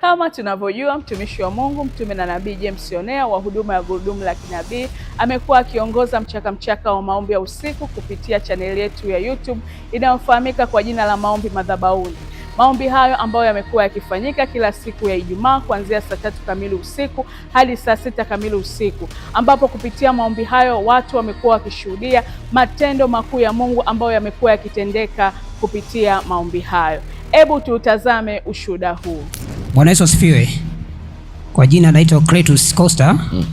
Kama tunavyojua, mtumishi wa Mungu, mtume na nabii James Yonea wa huduma ya Gurudumu la Kinabii amekuwa akiongoza mchaka mchaka wa maombi ya usiku kupitia chaneli yetu ya YouTube inayofahamika kwa jina la Maombi Madhabahuni. Maombi hayo ambayo yamekuwa yakifanyika kila siku ya Ijumaa kuanzia saa tatu kamili usiku hadi saa sita kamili usiku, ambapo kupitia maombi hayo watu wamekuwa wakishuhudia matendo makuu ya Mungu ambayo yamekuwa yakitendeka kupitia maombi hayo. Hebu tuutazame ushuhuda huu. Bwana Yesu asifiwe. Kwa jina naitwa Cletus Costa mm.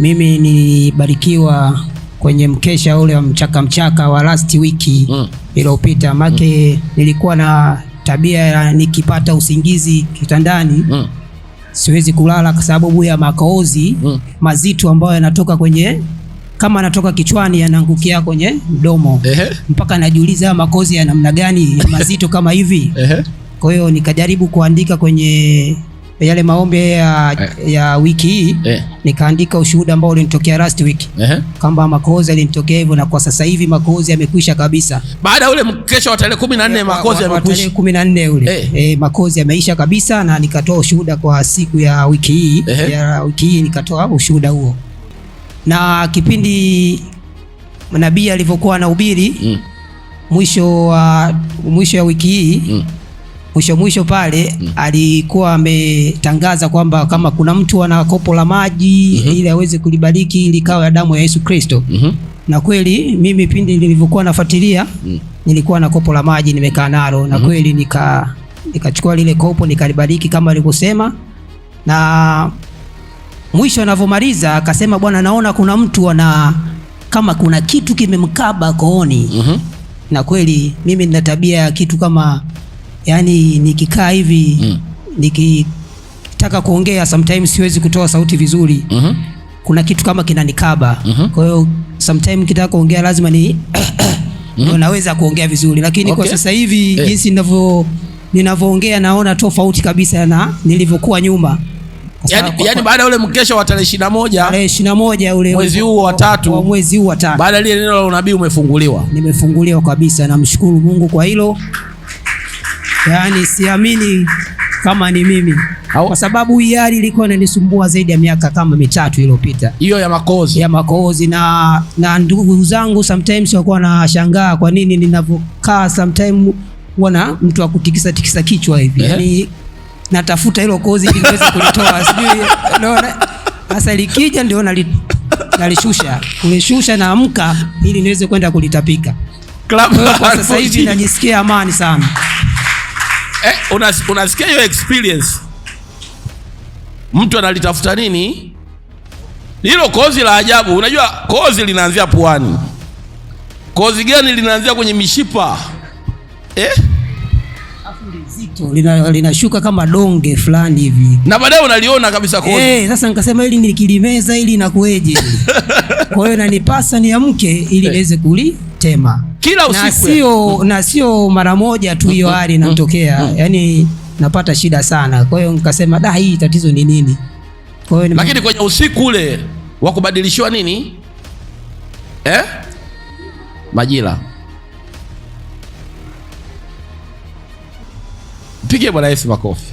Mimi nilibarikiwa kwenye mkesha ule wa mchaka mchaka wa last wiki mm. iliyopita make mm. nilikuwa na tabia ya nikipata usingizi kitandani mm. siwezi kulala kwa sababu ya makohozi mm. mazito ambayo yanatoka kwenye kama anatoka kichwani yanaangukia kwenye mdomo Ehe. mpaka najiuliza makozi ya namna gani ya mazito kama hivi Ehe. Kwa hiyo nikajaribu kuandika kwenye yale maombi ya, eh, ya wiki hii eh. nikaandika ushuhuda ambao ulinitokea last week kwamba makozi alinitokea hivyo, na kwa sasa hivi makozi yamekwisha kabisa. Baada ule mkesha wa tarehe 14 eh, makozi yamekwisha tarehe 14 ule eh, e, makozi yameisha kabisa, na nikatoa ushuhuda kwa siku ya wiki hii eh, ya wiki hii nikatoa ushuhuda huo, na kipindi nabii alivyokuwa anahubiri mm, mwisho wa mwisho ya wiki hii mm mwisho mwisho pale mm. alikuwa ametangaza kwamba kama kuna mtu ana kopo la maji mm -hmm. ili aweze kulibariki ili kawa ya damu ya Yesu Kristo mm -hmm. na kweli mimi pindi nilivyokuwa nafuatilia mm. nilikuwa na kopo la maji nimekaa nalo na mm -hmm. kweli nika nikachukua lile kopo nikalibariki kama alivyosema na mwisho anavyomaliza akasema, bwana, naona kuna mtu ana kama kuna kitu kimemkaba kooni. mm -hmm. na kweli mimi nina tabia ya kitu kama yani nikikaa hivi mm. nikitaka kuongea sometimes siwezi kutoa sauti vizuri mm -hmm. kuna kitu kama kinanikaba mm -hmm. kwa hiyo sometimes nikitaka kuongea lazima ni mm -hmm. naweza kuongea vizuri lakini okay. kwa sasa hivi eh. jinsi ninavyo ninavyoongea naona tofauti kabisa na nilivyokuwa nyuma Yani, kwa, yani yaani baada ya ule mkesha wa tarehe 21 tarehe 21 ule mwezi huu wa tatu mwezi huu wa tatu, baada ya ile neno la unabii umefunguliwa. Nimefunguliwa kabisa, namshukuru Mungu kwa hilo yaani siamini kama ni mimi Au? Kwa sababu hiari ilikuwa inanisumbua zaidi ya miaka kama mitatu iliyopita, hiyo ya makozi ya makozi, na na ndugu zangu sometimes walikuwa wanashangaa kwa nini ninavyokaa sometimes wana mtu wa kutikisa tikisa kichwa hivi yeah. Yani natafuta hilo kozi ili niweze kulitoa, sijui unaona. Sasa likija ndio nalishusha kulishusha, naamka ili niweze kwenda kulitapika. Kwa sasa hivi najisikia amani sana eh, unasikia hiyo experience. Mtu analitafuta nini hilo kozi la ajabu? Unajua kozi linaanzia puani. Kozi gani linaanzia kwenye mishipa eh? Lina, linashuka kama donge fulani hivi na baadaye unaliona kabisa kozi. Eh, sasa nikasema hili nikilimeza ili nakueje Kwa hiyo nanipasa niamke ili niweze kulitema kila usiku na sio na sio mara moja tu hiyo hali inatokea, yani napata shida sana. Kwa hiyo nikasema da, hii tatizo ni nini? Kwa hiyo lakini kwenye usiku ule wa kubadilishiwa nini eh? majira Pige Bwana Yesu makofi.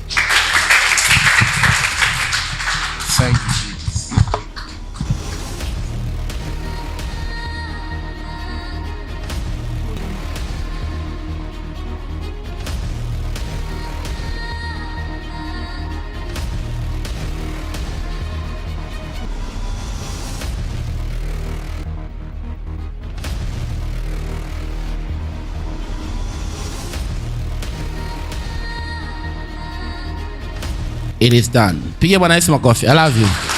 It is done. Piga Bwana Yesu makofi. I love you.